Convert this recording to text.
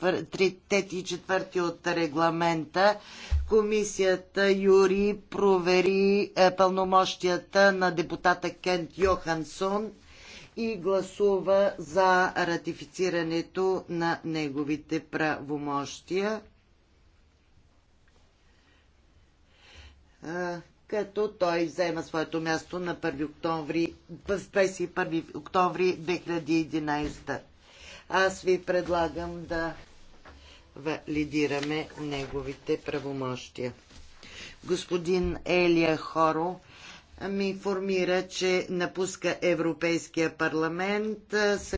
трети и четвърти от регламента, комисията Юри провери е, пълномощията на депутата Кент Йохансон и гласува за ратифицирането на неговите правомощия. Е, като той взема своето място на 1 октомври, в 21 октомври 2011. Аз ви предлагам да валидираме неговите правомощия. Господин Елия Хоро ми информира, че напуска Европейския парламент